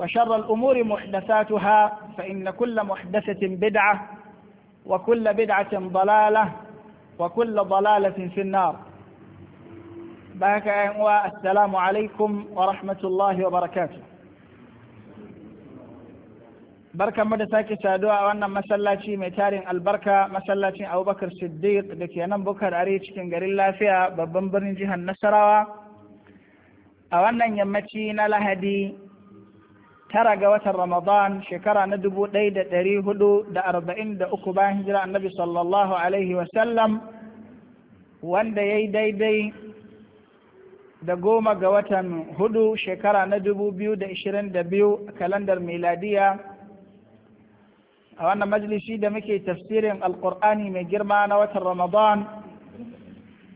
وشر الأمور محدثاتها فإن كل محدثة بدعة وكل بدعة ضلالة وكل ضلالة في النار باك السلام عليكم ورحمة الله وبركاته بركة مدى ساكي سادوا وانا مسلاتي ميتارين البركة مسلاتي أبو بكر صديق لكي أنا بكر أريد كن قريلا فيها ببنبرن جهة النسرة وانا يمتين لهدي tara ga watan Ramadan shekara na dubu ɗaya da ɗari hudu da arba'in da uku bayan hijira annabi sallallahu alaihi wasallam wanda ya yi daidai da goma ga watan hudu shekara na dubu biyu da ishirin da biyu a kalandar miladiya a wannan majalisi da muke tafsirin alkur'ani mai girma na watan Ramadan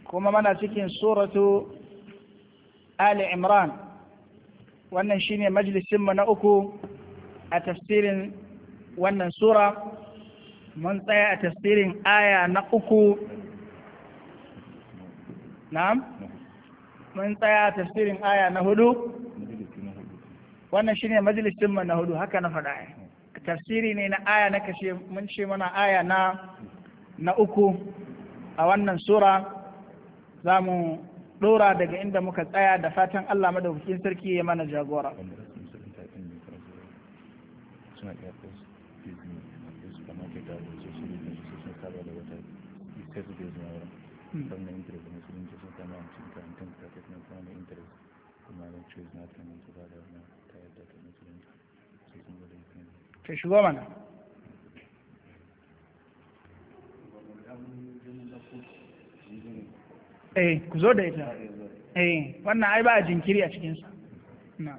kuma mana cikin suratu Ali Imran wannan shine majalisinmu na uku a tafsirin wannan sura mun tsaya a tafsirin aya na uku na'am mun tsaya a tafsirin aya na hudu wannan shine majalisinmu na hudu haka na faɗa tafsiri ne na aya na kashe mun ce mana aya na na uku a wannan sura za mu ɗora daga inda muka tsaya da fatan Allah madaukakin sarki ya mana jagora hmm. ta shigo mana eh ku zo da ita eh wannan ai ba a jinkiri a cikinsa na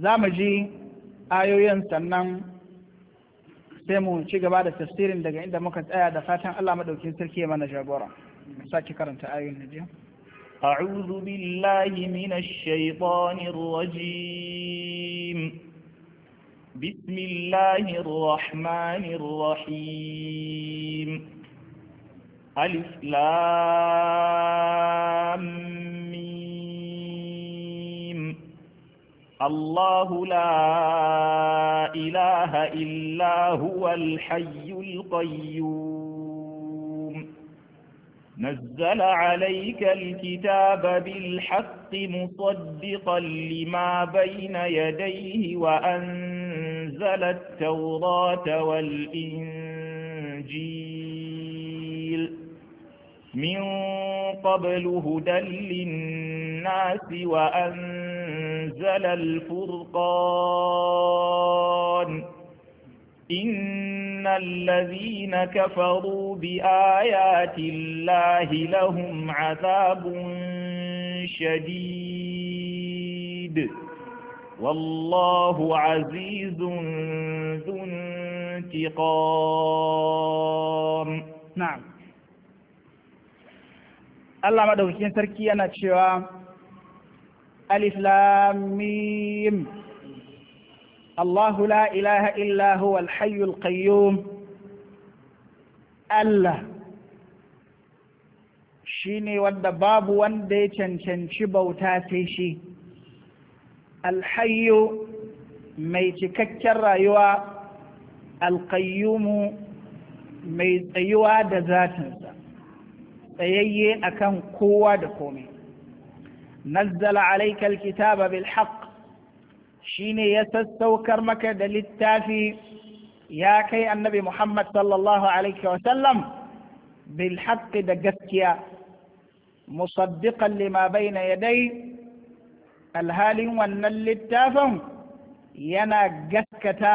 za mu ji ayoyin sannan sai mu ci gaba da tafsirin daga inda muka tsaya da fatan Allah maɗaukin sarki ya mana jagora saki karanta ayoyin na biyu أعوذ بالله من الشيطان الرجيم بسم الله الرحمن الرحيم ألف لام ميم الله لا إله إلا هو الحي القيوم نزل عليك الكتاب بالحق مصدقا لما بين يديه وأنت أنزل التوراة والإنجيل من قبل هدى للناس وأنزل الفرقان إن الذين كفروا بآيات الله لهم عذاب شديد والله عزيز ذو انتقام نعم الله مدوكين تركي أنا تشوى ألف لام ميم الله لا إله إلا هو الحي القيوم الله shine wanda babu wanda ya cancanci bauta sai shi الحي مي تككر أيوا القيوم مي أيوا دزات سيي أكن قوة دكومي نزل عليك الكتاب بالحق شيني يسستوكر مك دلتافي يا كي النبي محمد صلى الله عليه وسلم بالحق دقتيا مصدقا لما بين يديه alhalin wannan littafin yana gaskata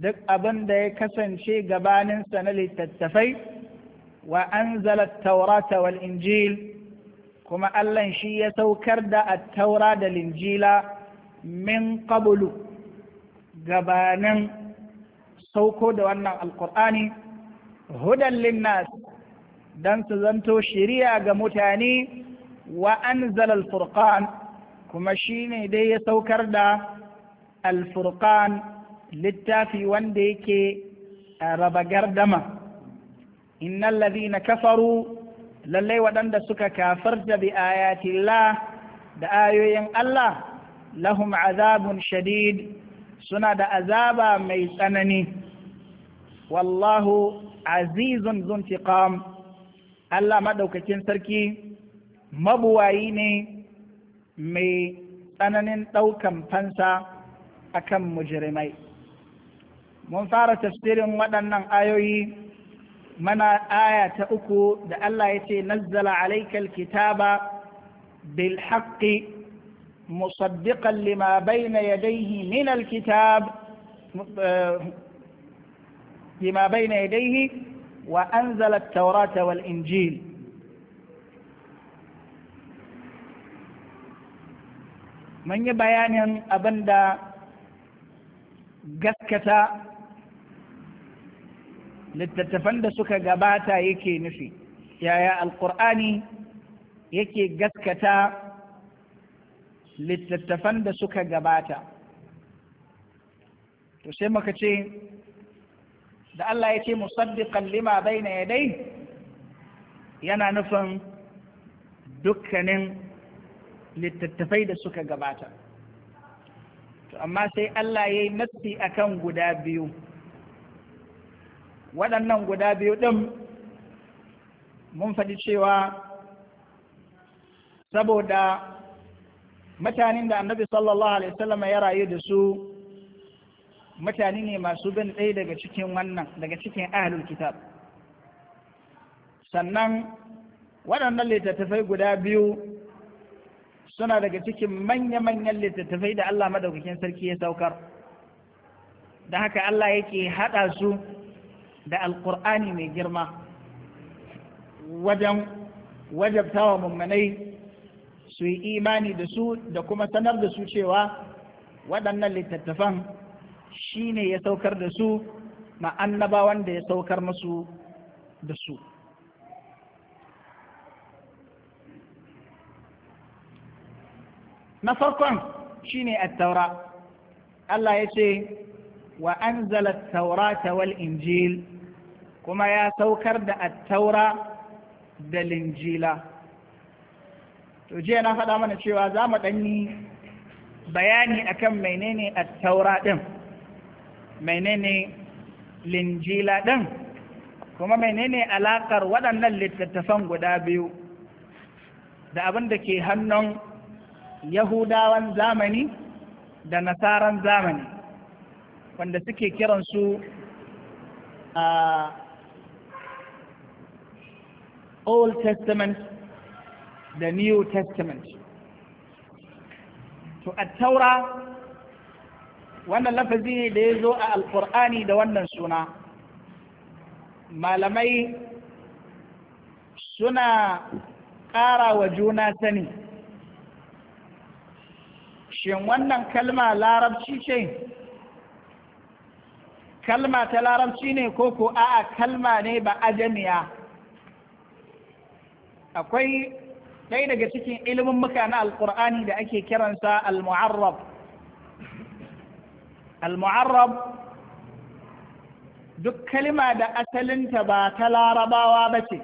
duk abin da ya kasance gabaninsa na littattafai wa an taurata wal injil kuma allah shi ya saukar da taura da linjila min qablu gabanin sauko da wannan alkur'ani hudan linnas don su zanto shiriya ga mutane wa an furqan kuma shi ne dai ya saukar da alfurkan littafi wanda yake raba gardama innal ladhina kafaru lallai waɗanda suka kafarta bi ayatillah da ayoyin Allah lahum azabun shadid suna da azaba mai tsanani wallahu azizun zuntiqam Allah maɗaukacin sarki mabuwayi ne mai tsananin ɗaukan fansa a kan mujirimai mun fara tafsirin waɗannan ayoyi mana aya ta uku da Allah ya ce nazzala alaikal kitaba bil haqqi مصدقا لما kitab lima bayna الكتاب لما بين يديه وأنزل التوراة والإنجيل mun yi bayanin abin da gaskata littattafan da suka gabata yake nufi yaya alkur'ani yake gaskata littattafan da suka gabata to sai muka ce da Allah ya ce musaddiqan lima bayna yadai yana nufin dukkanin littattafai da suka gabata to amma sai Allah ya yi matsi kan guda biyu waɗannan guda biyu ɗin mun faɗi cewa saboda mutanen da annabi sallallahu alaihi wasallam ya rayu da su mutane ne masu bin ɗaya daga cikin wannan daga cikin ahlul kitab sannan waɗannan littattafai guda biyu suna daga cikin manya-manyan littattafai da Allah madaukakin sarki ya saukar da haka Allah yake haɗa su da alƙur'ani mai girma wajen wajabtawa mummanai su yi imani da su da kuma sanar da su cewa waɗannan littattafan shi ne ya saukar da su ma'annabawan wanda ya saukar masu da su na farkon shine ne taura Allah ya ce wa an at ta wal injil kuma ya saukar da attaura da linjila to jiya na faɗa mana cewa za mu ɗanyi bayani akan menene ne taura ɗin menene linjila ɗin kuma menene alaƙar waɗannan littattafan guda biyu da abin da ke hannun yahudawan zamani da nasaran zamani wanda suke kiransu a old testament da new testament to a taura wannan lafazi da ya zo a alkur'ani da wannan suna malamai suna ƙara wa juna sani shin wannan kalma larabci ce kalma ta larabci ne ko ko a'a kalma ne ba ajamiya akwai ɗaya daga cikin ilimin muka na alƙur'ani da ake kiransa al-mu'arrab duk kalma da asalinta ba ta larabawa ba ce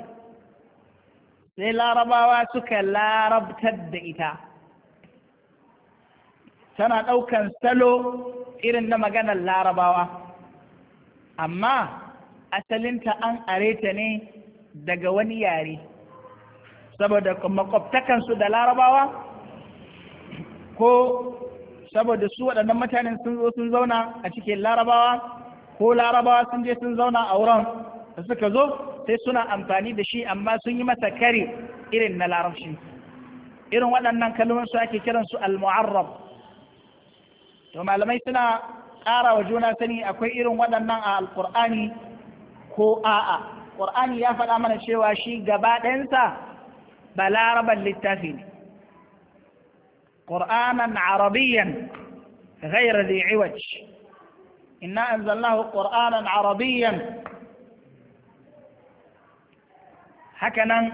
sai larabawa suka larabtar da ita tana ɗaukan salo irin na maganar larabawa amma asalinta an areta ne daga wani yare saboda makwabtakansu da larabawa ko saboda su waɗannan mutanen sun zo sun zauna a cikin larabawa ko larabawa sun je sun zauna a wurin da suka zo sai suna amfani da shi amma sun yi masa kare irin na larabci irin waɗannan kalmomin su ake kiransu al-mu'arrab to malamai suna ƙara wa juna sani akwai irin waɗannan a alƙur'ani ko a'a ƙur'ani ya faɗa mana cewa shi gaba ɗayansa ba laraban littafi ne ƙur'anan arabiyan غير ذي عوج إنا أنزلناه قرآنا عربيا هكذا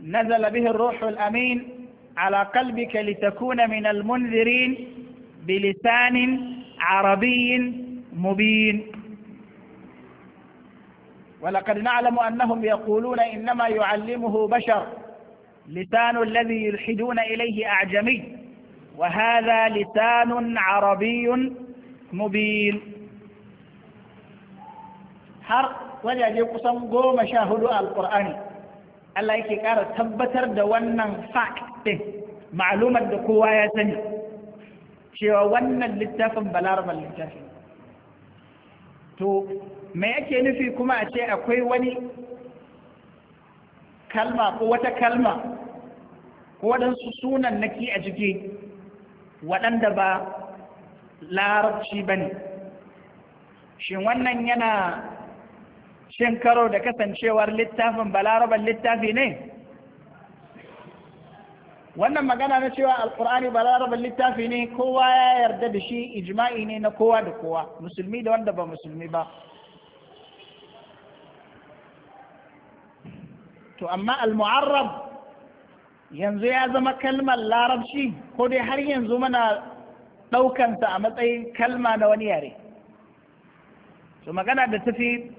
نزل به الروح الأمين على قلبك لتكون من المنذرين بلسان عربي مبين ولقد نعلم أنهم يقولون إنما يعلمه بشر لسان الذي يلحدون إليه أعجمي وهذا لسان عربي مبين har wajaje kusan goma sha hudu alkur'ani Allah yake ƙara tabbatar da wannan fact ɗin ma'alumar da kowa ya sani cewa wannan littafin balarabar littafi to me yake nufi kuma a ce akwai wani kalma ko wata kalma ko waɗansu sunan naki a jiki waɗanda ba larabci ba ne shin wannan yana shin karo da kasancewar littafin balarabar littafi ne wannan magana na cewa alkur'ani ba larabar littafi ne kowa ya yarda da shi ijma'i ne na kowa da kowa musulmi da wanda ba musulmi ba to amma al-mu'arrab yanzu ya zama kalmar larabci ko dai har yanzu mana ɗaukansa a matsayin kalma na wani yare to magana da tafi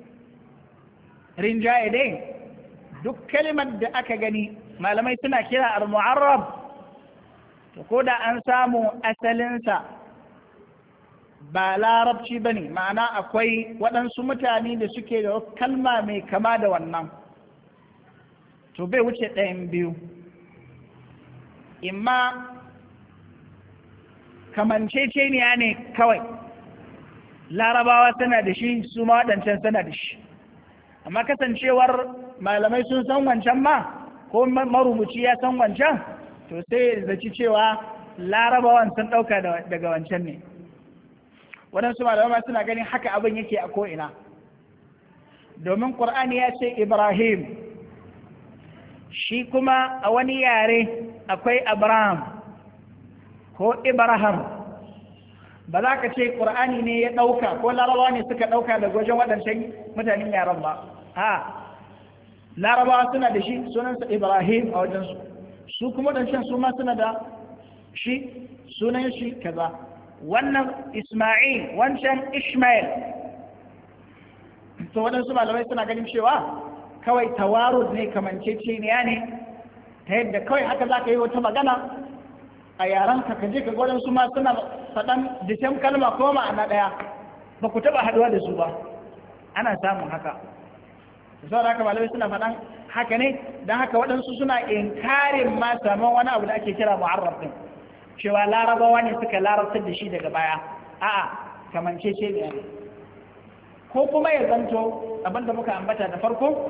rinjaye dai duk kalmar da aka gani malamai suna kira al-mu'arrab to ko da an samu asalinsa ba larabci ba ne ma'ana akwai waɗansu mutane da suke da kalma mai kama da wannan to bai wuce ɗayan biyu imma kamanceceniya ne kawai larabawa suna da shi su ma waɗancan suna da shi amma kasancewar malamai sun san wancan ma ko marubuci ya san wancan to sai ya zaci cewa larabawan sun ɗauka daga wancan ne waɗansu malama suna ganin haka abin yake a ko'ina domin ƙur'ani ya ce ibrahim shi kuma a wani yare akwai abraham ko ibrahim ba za ka ce ƙur'ani ne ya ɗauka ko larabawa ne suka ɗauka daga wajen waɗancan mutanen yaren ba ha larabawa suna da shi sunansa ibrahim a wajensu su kuma ɗanshan su ma suna da shi sunan shi kaza wannan isma'il wancan ishmael to waɗansu malamai suna ganin cewa kawai tawarud ne kamanceceniya ne ta yadda kawai haka za ka yi wata magana a yaran ka je ka gwada su ma suna faɗan dishen kalma ko ma'ana ɗaya ba ku taɓa haɗuwa da su ba ana samun haka zuwa haka malamai suna faɗan haka ne don haka waɗansu suna inkarin ma saman wani abu da ake kira mu'arraf din cewa larabawa ne suka larabtar da shi daga baya a'a kamance ce ne ko kuma ya zanto abin da muka ambata da farko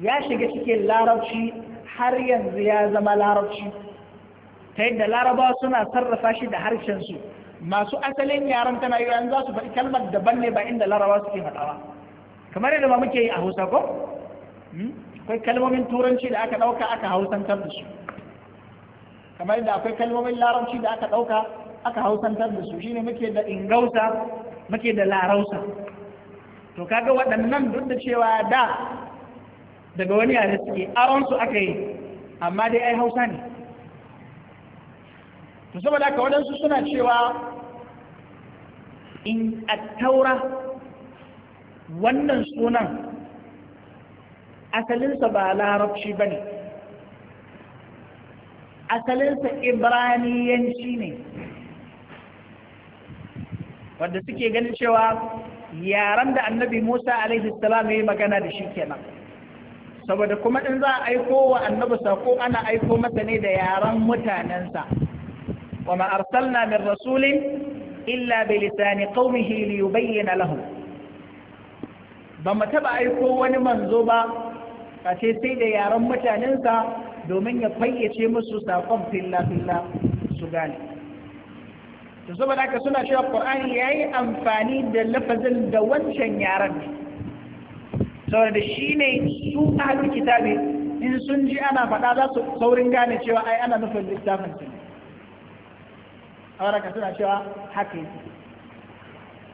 ya shiga cikin larabci har yanzu ya zama larabci ta yadda larabawa suna sarrafa shi da harshen su masu asalin yaren tana yi za su faɗi kalmar daban ne ba inda larabawa suke faɗawa kamar yadda ba muke yi a hausa ko hmm? akwai kalmomin turanci da aka ɗauka aka hausantar da su kamar yadda akwai kalmomin larabci da aka ɗauka aka hausantar da su shine muke da ingausa muke da larausa to kaga waɗannan duk da cewa da daga wani yare suke aron su aka yi amma dai ai hausa ne to saboda haka waɗansu suna cewa in attaura wannan sunan asalinsa ba larabci ba ne asalinsa ibraniyanci ne wadda suke ganin cewa yaren da annabi musa alaihi salam ya yi magana da shi kenan saboda kuma in za a aiko wa annabi sako ana aiko masa ne da yaren mutanensa wa ma arsalna min rasulin illa bi lisani qaumihi liyubayyana lahum ba mu taɓa aiko wani manzo ba a ce sai da yaren mutanensa domin ya fayyace musu saƙon filla-filla su gane ta zuba haka suna cewa ƙur'ani ya yi amfani da lafazin da wancan yaren saboda shi ne su ahalin kitabe in sun ji ana faɗa za su saurin gane cewa ai ana nufin littafin su a suna cewa haka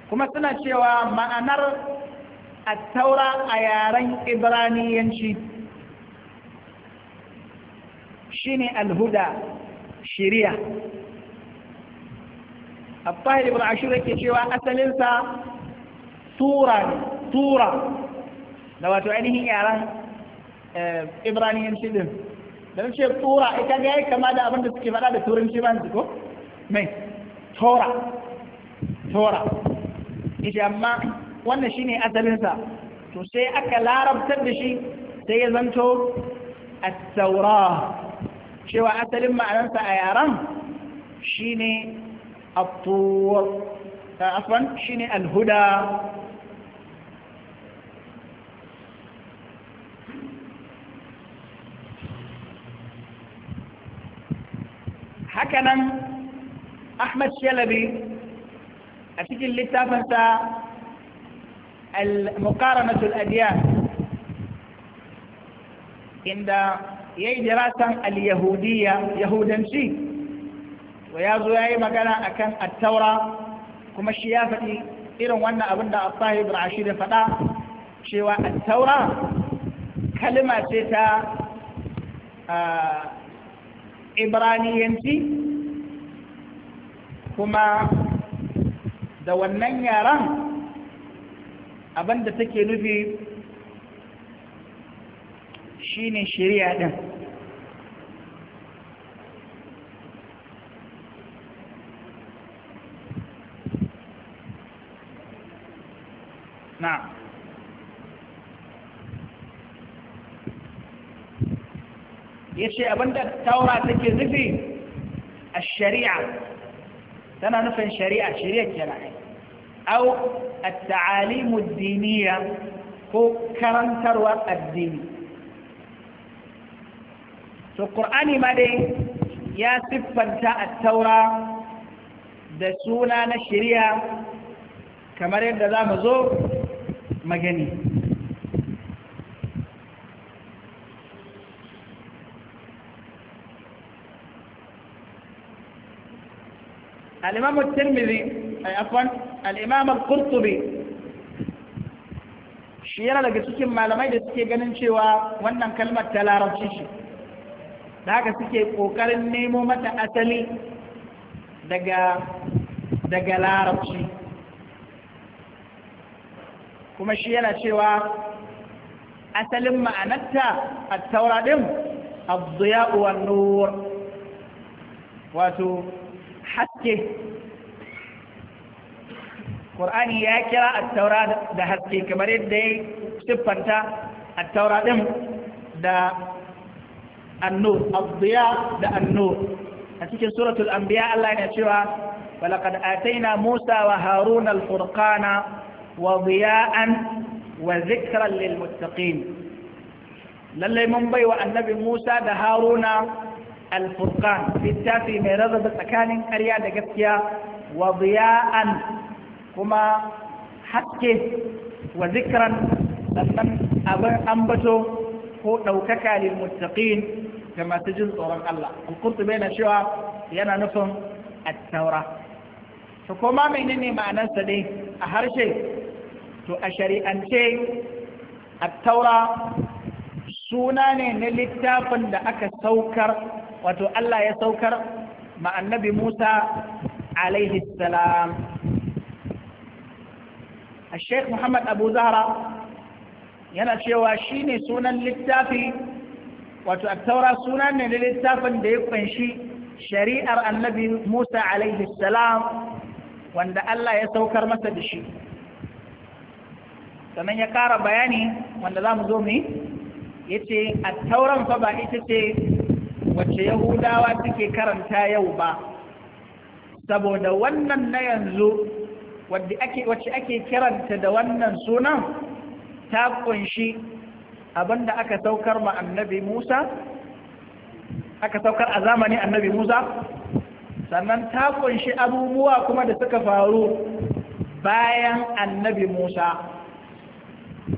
kuma suna cewa ma'anar attaura a yaren ibraniyanci shine alhuda shiriya abfahir ibn ashur yake cewa asalinsa tura ne tura da wato ainihin yaren ibraniyanci din da ce tura ita ga ya kama da abin da suke faɗa da turanci ba ko mai tora tora ita amma wannan shine asalinsa to sai aka larabtar da shi sai ya zanto at-taura cewa asalin ma'anarsa a yaran shine at-tur afan shine al-huda hakanan Ahmad Shalabi a cikin littafinsa muqaranatul adiyan inda yayi dirasan al-yahudiyya yahudanci wa ya yi magana akan at-taura kuma shi ya faɗi irin wannan abin da Abdullahi Rashid ya faɗa cewa Attaura kalima kalma ce ta ibraniyanci kuma da wannan yaran abinda take nufi shine shari'a din ya ce abinda taura take nufi a shari'a tana nufin shari'a shari'a kenan أو التعاليم الدينية كرم تروى الدين في القرآن مالي يا سفة التوراة دسونا نشريها كما يبدو ذا مزور مجني الإمام الترمذي أي أفضل al'imam al-qurtubi shi yana daga cikin malamai da suke ganin cewa wannan kalmar ta larabci shi da haka suke ƙoƙarin nemo mata asali daga larabci kuma shi yana cewa asalin ma'anarta a taura ɗin abdiya'uwar nur wato haske قرآن يا كرا التوراة ده هتكي كمريد دي سبتا التوراة ده النور الضياء ده النور هتكي سورة الأنبياء الله نشوها ولقد آتينا موسى وهارون الفرقان وضياء وذكرا للمتقين للي منبي والنبي موسى ده هارون الفرقان في التافي ميرادة بسكان أريادة قفتيا وضياء kuma haske wa zikiran sannan abin ambato ko ɗaukaka lil muttaqin ga masu jin tsoron Allah al bai na cewa yana nufin at-taura to kuma menene ma'anar sa dai a harshe to a shari'ance at-taura suna ne na littafin da aka saukar wato Allah ya saukar ma annabi Musa alaihi salam a shek muhammad abu zahra yana cewa shi ne sunan littafi wato attaura suna ne na littafin da ya kunshi shari'ar annabi musa alaihi salam wanda allah ya saukar masa da shi sannan ya kara bayani wanda za mu zo mu ya ce attauran fa ba ita ce wacce yahudawa suke karanta yau ba saboda wannan na yanzu wacce ake kiranta da wannan sunan ta kunshi abinda aka saukar ma annabi Musa aka saukar a zamanin annabi Musa sannan ta kunshi abubuwa kuma da suka faru bayan annabi Musa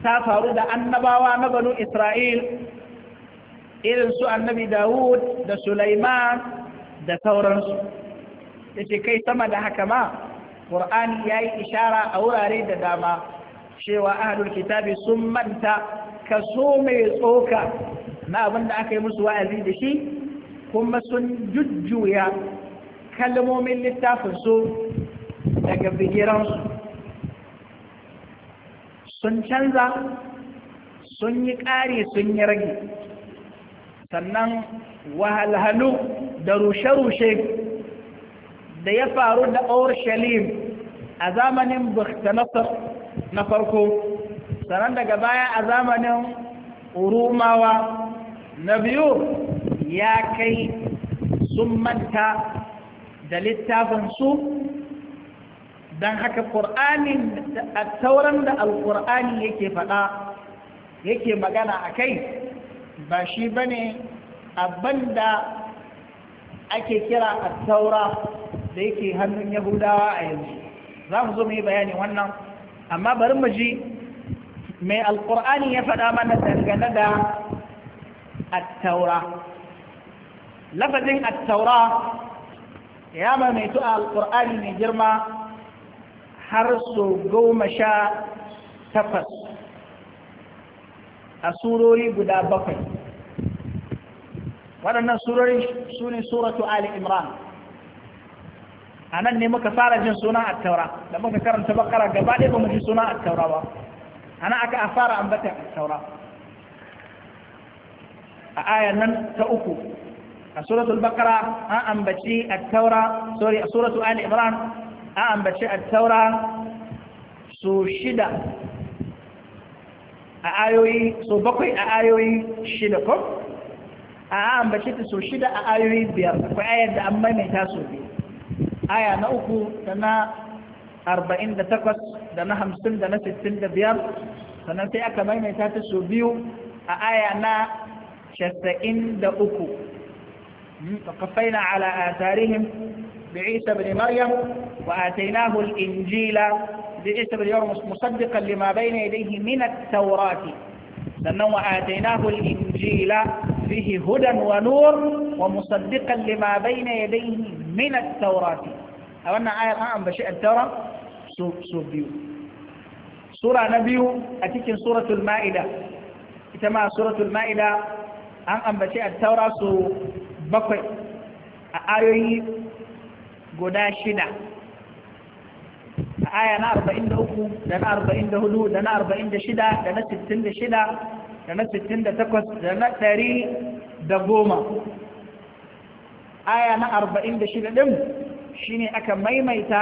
ta faru da annabawa na banu Isra'il irin su annabi Dawud da Sulaiman da sauransu yace kai sama da haka ma qur'ani yayi ishara a wurare da dama cewa ahlul kitabi sun manta kaso mai tsoka na abin da aka yi musu wa'azi da shi kuma sun jujjuya kalmomin littafinsu daga bigiransu sun canza sun yi ƙari sun yi rage sannan wahalhalu da rushe-rushe da ya faru da Urshalim a zamanin Bukhtanasar na farko sannan daga baya a zamanin Urumawa na biyu ya kai sun manta da littafinsu don haka ƙur'ani a tauran da alƙur'ani yake faɗa yake magana a kai ba shi ba ne abin da ake kira a taura da yake hannun yahudawa a yanzu za mu zo mu yi bayani wannan amma bari mu ji mai alkur'ani ya faɗa mana dangane da attaura lafazin attaura ya mamaitu a alkur'ani mai girma har su goma sha takwas a surori guda bakwai waɗannan surori su ne suratu ali imran a nan ne muka fara jin suna a taura da muka karanta bakara gaba ɗaya ba mu ji suna a taura ba a nan aka fara ambata a taura a ayan nan ta uku a suratul bakara an ambaci a taura sorry a suratul ali imran an ambaci a taura su shida a ayoyi so bakwai a ayoyi shida ko a ambaci ta so shida a ayoyi biyar akwai ayar da an maimaita so biyu آية نأكو سنة أربعين دا نهم دانا همسن دانا ستن دا بيار سنة تي أكا مينة سوبيو آية نا شسئن دا أكو فقفينا على آثارهم بعيسى بن مريم وآتيناه الإنجيل بعيسى بن يرمس مصدقا لما بين يديه من التوراة sannan wa atainahu al-injila fihi hudan wa nur wa musaddiqan lima bayna yadayhi min at-taurat a wannan ayar an ambaci at-taura su su biyu sura na biyu a cikin suratul ma'ida ita ma suratul ma'ida an ambaci at-taura su bakwai a ayoyi guda shida Da aya na arba'in da uku, da na arba'in da hudu, da na arba'in da shida, da na sittin da shida, da na sittin da takwas, da na 100 da goma aya na arba'in da 46 din shine aka maimaita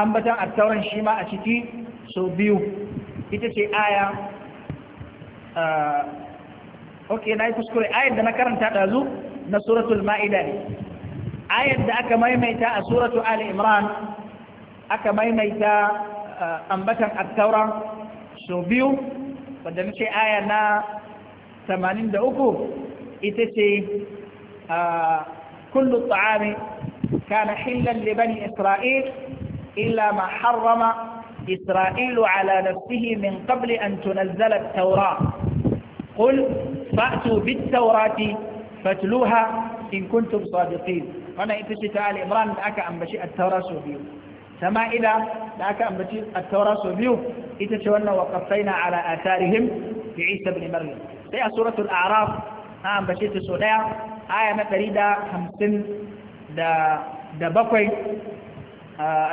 ambatan attauran shi ma a ciki sau biyu ita ce aya ok na yi kuskure ayar da na karanta ɗazu na suratul ma'ida ne ayar da aka maimaita a suratul ali imran aka maimaita ambatan attaura so biyu wadda muke aya na 83 ita ce kullu ta'ami kana hillan li bani isra'il illa ma harrama isra'ilu ala nafsihi min qabli an tunazzala at-taura qul fa'tu bit-taurati fatluha in kuntum sadiqin wannan ita ce ta al-imran da aka ambaci at-taura so biyu ta ma'ida da aka ambaci a taura sau biyu ita ce wannan waƙafai na ala a tarihim da isa bin maryam sai a suratul araf na ambace ta sau ɗaya aya na ɗari da hamsin da bakwai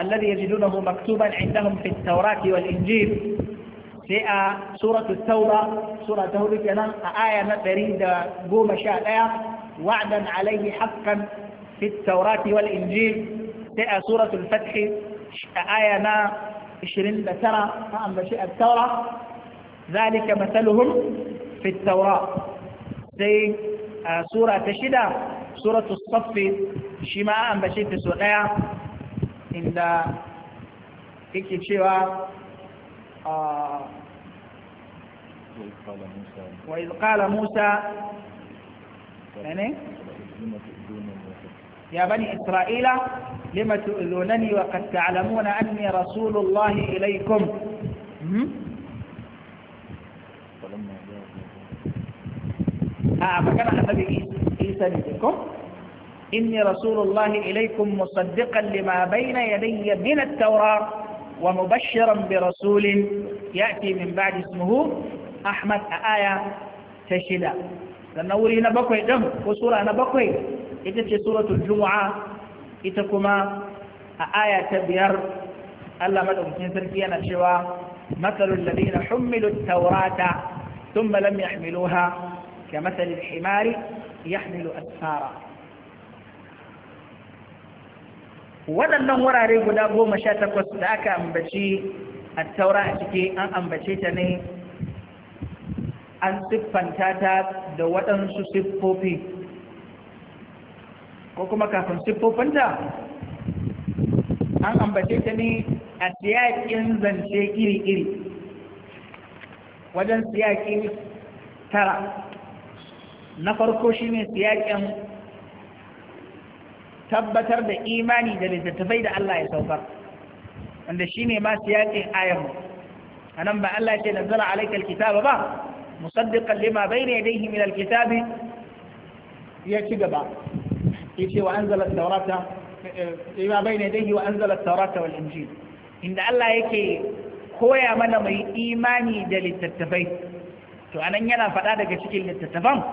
الذي يجدونه مكتوبا عندهم في التوراة والإنجيل sai a suratu taura sura ta hudu kenan a aya na ɗari da goma sha ɗaya wa'adan alaihi haqqan fi taurati wal injil sai a suratul fathi آية ما إشرين بسرة ما بشيء التوراة ذلك مثلهم في التوراة زي آه، سورة تشدة سورة الصف شما أنبشئ في سورة إن إيكي شوى آه، وإذ قال موسى يعني يا بني إسرائيل لم تؤذونني وقد تعلمون أني رسول الله إليكم آه فكان النبي عيسى إني رسول الله إليكم مصدقا لما بين يدي من التوراة ومبشرا برسول يأتي من بعد اسمه أحمد آية تشهد لأنه وري بقوي دم أنا بقوي ita ce suratul juma'a ita kuma a aya ta biyar Allah madaukakin sarki yana cewa matsalul ladina hummilu taurata thumma lam yahmiluha kamathali al-himari yahmilu asfara waɗannan wurare guda goma sha takwas da aka ambaci a taura a ciki an ambace ta ne an siffanta ta da waɗansu siffofi ko kuma kafin siffofinta an ambace ta ne a siyaƙin zance iri-iri wajen siyaƙi tara na farko shi ne siyaƙin tabbatar da imani da littattafai da Allah ya saukar wanda shi ne ma siyaƙin ayarmu a nan ba Allah ce nazara alaikar kitaba ba musaddiƙan lima bai ne dai himilar kitabi ya ci gaba yace wa anzala taurata ya bayna wa anzala taurata wal injil inda Allah yake koya mana mai imani da littattafai to anan yana faɗa daga cikin littattafan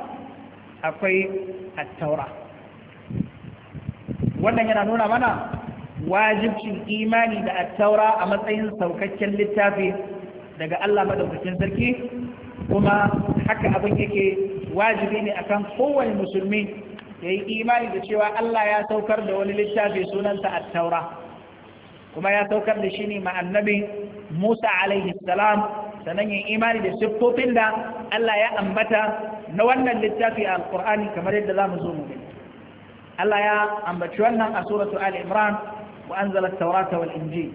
akwai at-taura wannan yana nuna mana wajibcin imani da at a matsayin saukakken littafi daga Allah madaukakin sarki kuma haka abin yake wajibi ne akan kowane musulmi ya yi imani da cewa Allah ya saukar da wani littafi sunansa a taura kuma ya saukar da shi ne ma'annabi Musa alaihi salam sannan ya imani da siffofin da Allah ya ambata na wannan littafi a alkur'ani kamar yadda za mu zo mu Allah ya ambaci wannan a suratu Ali Imran wa anzala taurata wal Inji.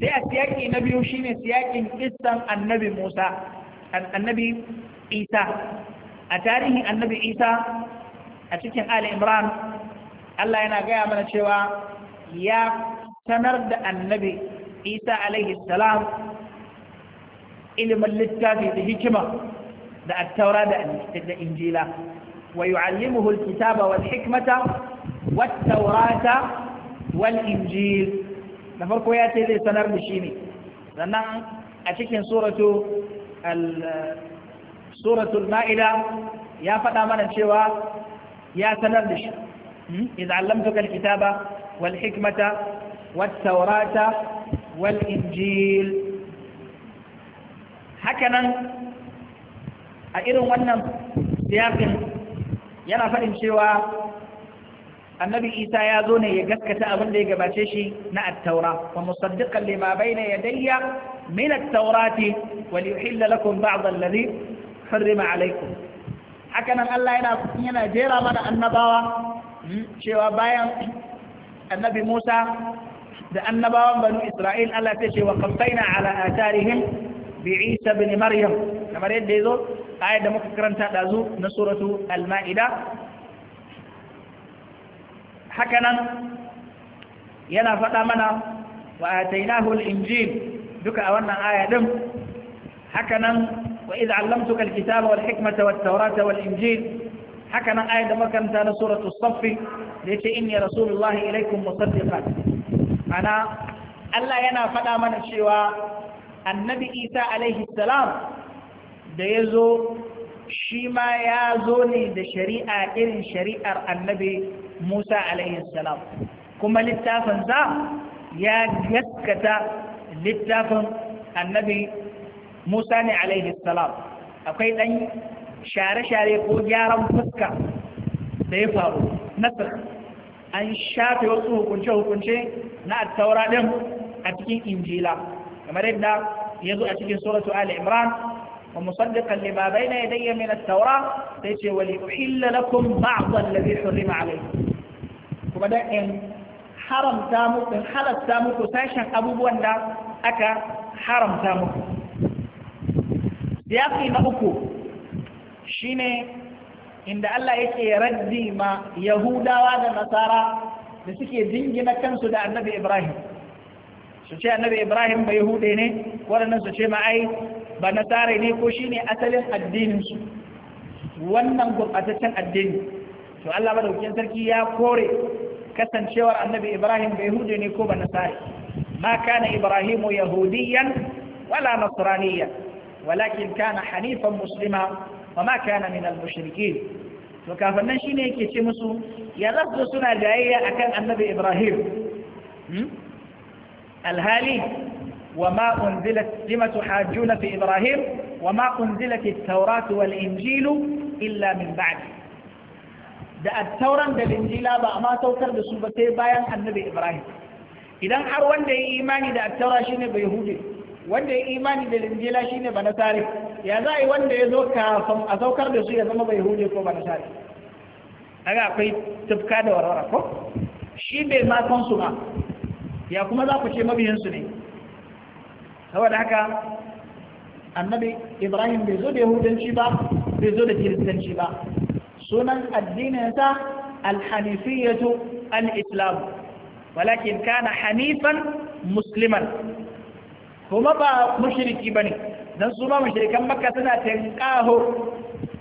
sai a siyaki na biyu shine siyakin kissan annabi Musa annabi Isa a tarihin annabi Isa a cikin ali imran Allah yana gaya mana cewa ya sanar da annabi isa alaihi salam ilimin littafi da hikima da attaura da injila wa yu'allimuhu alkitaba wal hikmata wat tawrata wal injil da farko ya ce zai sanar da shi ne sannan a cikin suratu al suratul ma'ida ya faɗa mana cewa ya sanar da shi idza allamtuka alkitaba wal hikmata wal injil hakanan a irin wannan siyafin yana faɗin cewa annabi isa ya zo ne ya gaskata abin da ya gabace shi na attaura wa musaddiqan lima bayna yadayya min at-taurati wa liyuhilla lakum ba'd alladhi harrama alaykum haka nan Allah yana yana jera mana annabawa hmm, cewa bayan annabi Musa da annabawan banu Isra'il Allah ta ce wa qaffaina ala atarihim bi Isa ibn Maryam kamar yadda yazo ayat da muka karanta dazu na suratu al-Ma'ida haka nan yana faɗa mana wa atainahu al-injil duka a wannan aya din haka nan وإذ علمتك الكتاب والحكمة والتوراة والإنجيل حكما آية مكانتا سورة الصف ليش إني رسول الله إليكم مصدقا أنا ألا ينا فدا من الشواء النبي إيسى عليه السلام da ya zo shi ma ya zo ne da shari'a irin shari'ar annabi Musa alaihissalam kuma littafinsa ya gaskata littafin annabi Musa ne alaihi salam akwai ɗan share-share ko gyaran fuska da ya faru nasir an shafe wasu hukunce-hukunce na taura ɗin a cikin injila kamar yadda ya zo a cikin suratu ali imran wa musaddiqan lima bayna yadayya min at-taura sai ce wali uhilla lakum ba'd alladhi hurrima alaykum kuma da in haramta muku halarta muku sashen abubuwan da aka haramta muku yaƙi na uku shine inda Allah ya yake raddi ma Yahudawa da Nasara da suke jingina kansu da Annabi Ibrahim su ce Annabi Ibrahim ba Yahude ne waɗannan su ce ma ai ba Nasara ne ko shine asalin addininsu wannan gurɓataccen addini to Allah madaukakin sarki ya kore kasancewar Annabi Ibrahim ba Yahude ne ko ba Nasara ma kana Ibrahimu yahudiyan wala nasraniyan ولكن كان حنيفا مسلما وما كان من المشركين وكافرنا شيني كيتمسو يغفو سنة جائية أكان النبي إبراهيم الهالي وما أنزلت لما تحاجون في إبراهيم وما أنزلت التوراة والإنجيل إلا من بعد دا التوراة بالإنجيل ما توتر بسبتين بايا النبي إبراهيم إذا أروان دا إيماني دا التوراة شيني بيهودي wanda ya imani da linjila shine ba nasare ya za a yi wanda ya zo kafin a saukar da su ya zama bai hude ko ba nasare akwai tufka da warwara ko shi bai ma su ba ya kuma za ku ce mabiyansu ne saboda haka annabi ibrahim bai zo da yahudanci ba bai zo da kiristanci ba sunan addininsa alhanifiyatu al-islam walakin kana hanifan musliman kuma ba ba ne. dan su ma mushrikan makka suna tanqaho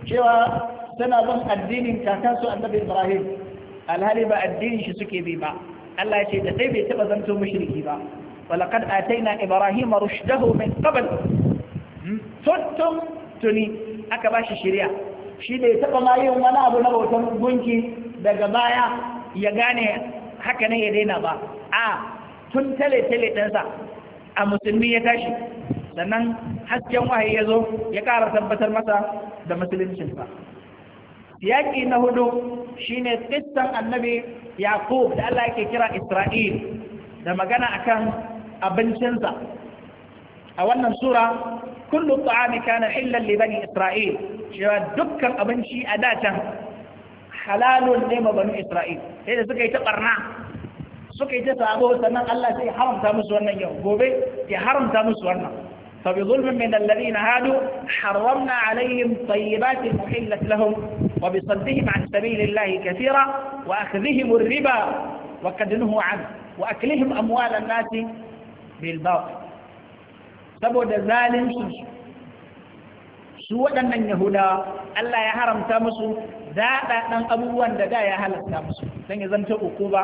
cewa suna zan addinin kakansu annabi ibrahim alhali ba addinin shi suke bi ba Allah ya ce da sai bai taba zanto mushriki ba walaqad ataina ibrahima rushdahu min qabl hmm? tuttun tuni aka ba shi shari'a shi bai taba ma yin wani abu na bautan gunki daga baya ya gane haka ne ya daina ba a tun tale tale ɗansa a musulmi ya tashi sannan hasken wahayi ya zo ya ƙara tabbatar masa da musuluncinsa yaƙi na hudu shine kissan annabi yaqub da Allah yake kira isra'il da magana akan abincinsa a wannan sura kullum ta'ami kana hillan li isra'il cewa dukkan abinci a da halalun ne ma isra'il sai da suka yi ta barna suka yi ta sabo sannan Allah sai haramta musu wannan yau gobe ya haramta musu wannan fa bi zulmin min alladhina hadu alaihim فبظلم من lahum wa bi saddihim an sabilillahi لهم wa عن ar-riba wa kadnuhu an wa aklihim amwal an-nas bil بالباطل saboda ذلك su su waɗannan yahuda Allah ya haramta musu daɗaɗan abubuwan da da ya halatta musu don ya zanta uku ba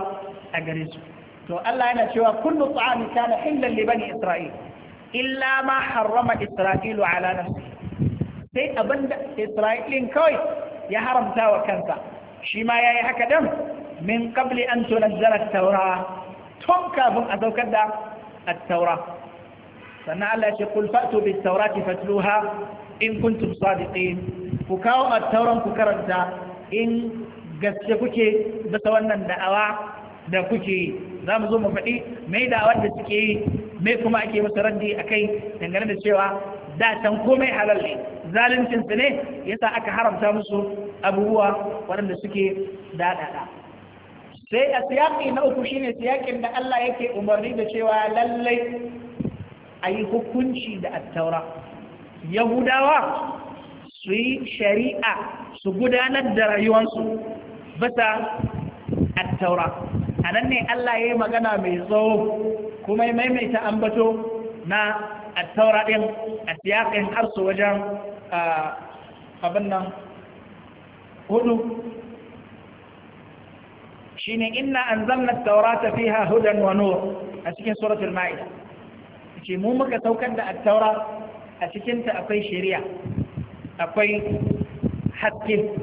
a gare su to Allah yana cewa kullu ta'ami kana hillan li bani isra'il illa ma harrama isra'ilu ala nafsi sai abinda isra'ilin kawai ya haramta wa kansa shi ma yayi haka dan min qabli an tunazzala at-taura tun kafin a saukar da at-taura sannan Allah ya ce kul fa'tu bit-taurati fatluha in kuntum sadiqin ku kawo at-tauran ku karanta in gaske kuke bisa wannan da'awa da kuke yi za mu zo mu faɗi mai da wanda suke yi mai kuma ake masa raddi a kai dangane da cewa da can komai halal ne zaluncinsu ne yasa aka haramta musu abubuwa waɗanda suke daɗaɗa sai a siyaƙi na uku shine siyaƙin da Allah yake umarni da cewa lallai a yi hukunci da attaura yahudawa su yi shari'a su gudanar da rayuwarsu bisa attaura a nan ne Allah ya yi magana mai tsawo kuma ya maimaita ambato na taura ɗin a siyaƙin harsu wajen abin nan hudu shi ne ina an zanna taurata fi ha hudan a cikin suratul ma'ida ce mu muka saukar da attaura a cikinta akwai shari'a akwai haske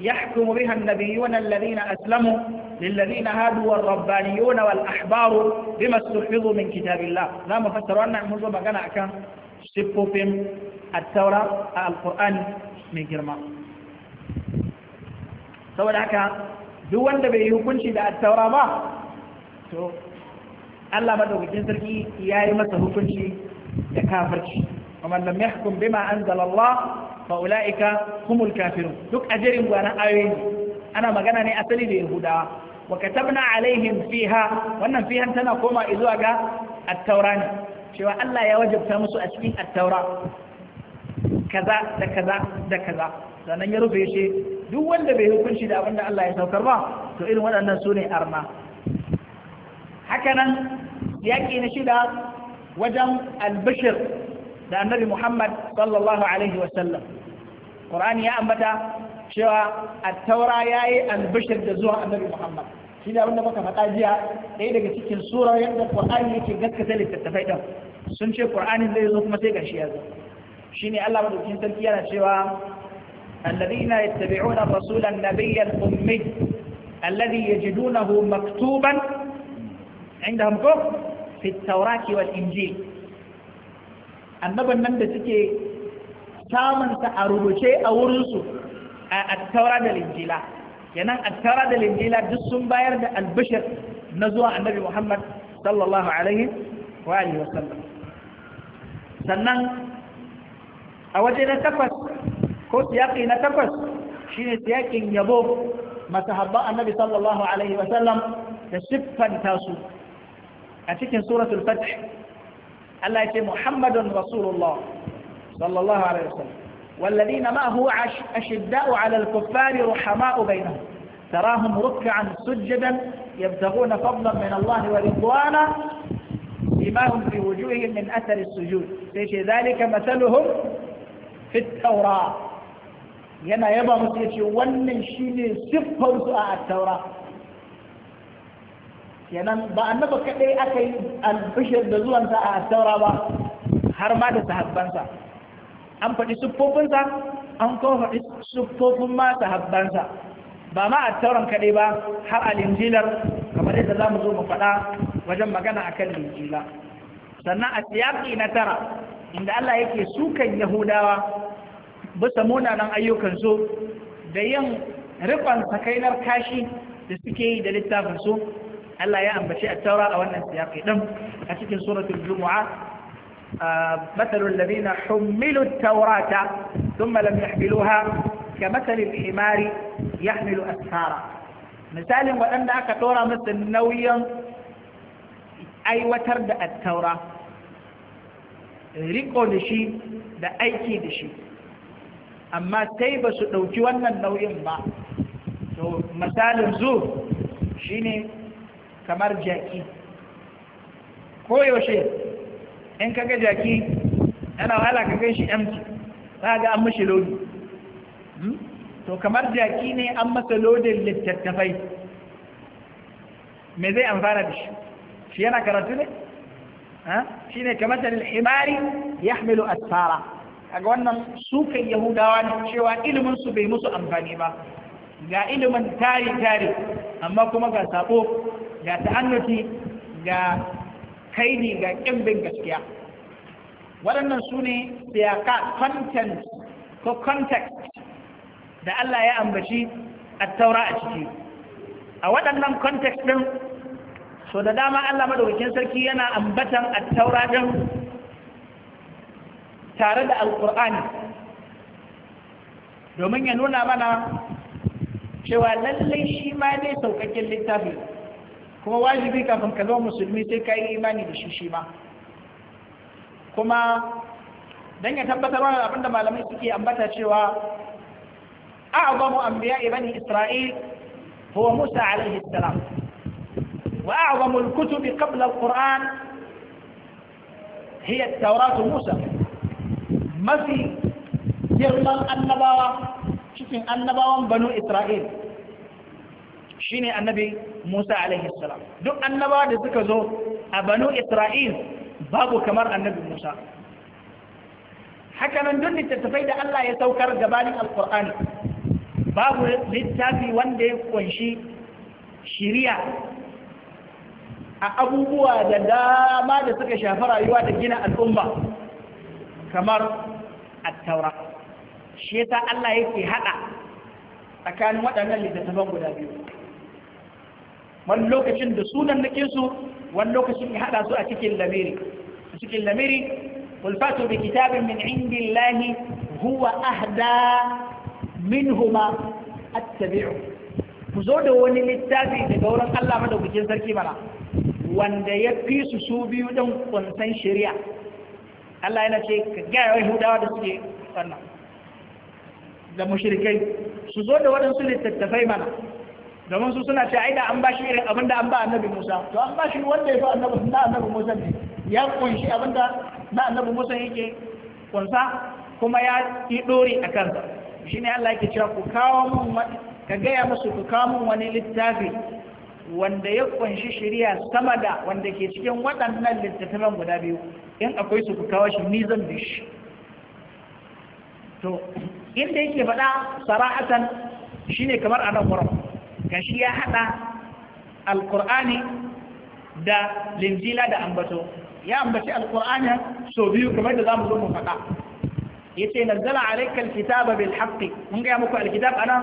ya hukumu bihan nabiyuwan alladhina aslamu للذين هادوا والربانيون والأحبار بما استحفظوا من كتاب الله لا مفسر أن منذ ما كان أكان سبوفهم التوراة القرآن من girma سوى لك duk wanda bai yi hukunci da attaura ba to Allah madaukakin sarki ya yi masa hukunci da kafirci kuma lam yahkum bima anzala Allah fa ulaika humul kafirun duk ajerin gwanan ayoyi ana magana ne asali da yahudawa wa katabna alaihim fiha wannan fihan tana koma zuwa ga at-taura ne cewa Allah ya wajabta musu a cikin at-taura kaza da kaza da kaza sannan ya rufe shi duk wanda bai hukunci da abinda Allah ya saukar ba to irin waɗannan su ne arna haka nan yaƙi na shida wajen albashir da annabi Muhammad sallallahu alaihi wasallam Qur'ani ya ambata cewa attaura ya yi albishir da zuwa annabi muhammad shi ne abinda muka faɗa jiya ɗaya daga cikin sura yadda ƙur'ani yake gaskata littattafai ɗin sun ce ƙur'anin zai zo kuma sai gashi ya zo shi ne allah madaukin sarki yana cewa الذين يتبعون الرسول النبي الأمي الذي يجدونه مكتوبا عندهم كفر في التوراة والإنجيل النبي النبي سكي samunsa a rubuce a wurinsu attaura da linjila kenan attaura da linjila duk sun bayar da albishir na zuwa annabi muhammad sallallahu sannan a waje na takwas ko siyaki na takwas shine siyakin yabo masahabban annabi sallallahu alaihi wasallam da su a cikin suratul fath Allah muhammadun sallallahu alaihi والذين ما هو أشداء على الكفار رحماء بينهم تراهم ركعا سجدا يبتغون فضلا من الله ورضوانا بما هم في وجوههم من أثر السجود ليش ذلك مثلهم في التوراة yana يبغى سيشي ونن شيني سفهم سواء التوراة siffarsu a taura أكي البشر بزوان سواء التوراة هرمان سهبان سواء an faɗi siffofinsa an kuma faɗi siffofin masa habbansa ba ma a tauran kaɗai ba har a linjilar kamar yadda za mu zo mu faɗa wajen magana a kan linjila sannan a siyaƙi na tara inda Allah yake sukan yahudawa bisa munanan ayyukansu da yin rufan sakainar kashi da suke yi da littafinsu Allah ya ambaci a taura a wannan siyaƙi ɗin a cikin suratul jumu'a مثل الذين حملوا التوراة ثم لم يحملوها كمثل الحمار يحمل أسفارا مثال وأن أكا تورا مثل نويا أي وترد التوراة riko da shi da aiki da shi amma sai ba su ɗauki wannan nauyin ba to misalin zu shine kamar jaki koyaushe in kaga jaki yana wahala ka gan shi empty za ga an mashi lodi hmm? to kamar jaki ne an masa lodin littattafai me zai amfana da shi shi yana karatu ne shi ne kamar da himari ya hamilu asfara kaga wannan sukan yahudawa ne cewa su bai musu amfani ba ga ilimin tari-tari amma kuma ga sabo ga ta'annuti ga ne ga ƙin bin gaskiya waɗannan su ne siyaka content ko context da Allah ya ambaci a taura a ciki a waɗannan context ɗin so da dama Allah madaukakin sarki yana ambatan a taura ɗin tare da alƙur'ani domin ya nuna mana cewa lallai shi ma ne sauƙaƙƙen littafi kuma wajibi kafin ka zama musulmi sai ka yi imani da shi shi ma kuma don ya tabbatar wani abinda malamai suke ambata cewa أعظم أنبياء بني إسرائيل هو موسى عليه السلام وأعظم الكتب قبل القرآن هي التوراة موسى ما في جرمان النبوة شوفين النبوة بنو إسرائيل ne annabi Musa alaihi salam duk annaba da suka zo a banu Isra'il babu kamar annabi Musa Hakanan duk littattafai da Allah ya saukar gabanin alqur'ani babu littafi wanda ya kunshi shiriya a abubuwa da dama da suka shafi rayuwa da gina al'umma kamar at-taura shi yasa Allah yake haɗa tsakanin waɗannan littattafan guda biyu wani lokacin da sunan nakinsu wani lokacin ya haɗa su a cikin lamiri a cikin lamiri kulfatu bi kitabin min indillahi huwa ahda minhuma attabi'u ku zo da wani littafi daga wurin Allah madaukakin sarki mana wanda ya fi su su biyu ɗin kunsan shari'a Allah yana ce ka gaya hudawa da suke wannan da mushrikai su zo da waɗansu littattafai mana domin su suna cewa da an ba shi irin abin da an ba annabi Musa to an ba shi wanda ya fi annabi na annabi Musa ne ya kunshi abin da na annabi Musa yake kunsa kuma ya yi dori a kansa shi ne Allah yake cewa ku kawo mun ka gaya musu ku kawo mun wani littafi wanda ya kunshi shari'a sama da wanda ke cikin waɗannan littattafan guda biyu in akwai su ku kawo shi ni zan bi shi to inda yake faɗa sara'atan shine kamar a nan wurin gashi ya hada alkur'ani da linjila da ambato ya ambaci alkur'ani so biyu kamar da zamu zo mu faɗa yace nazzala alayka alkitaba bil haqqi mun ga muku alkitab ana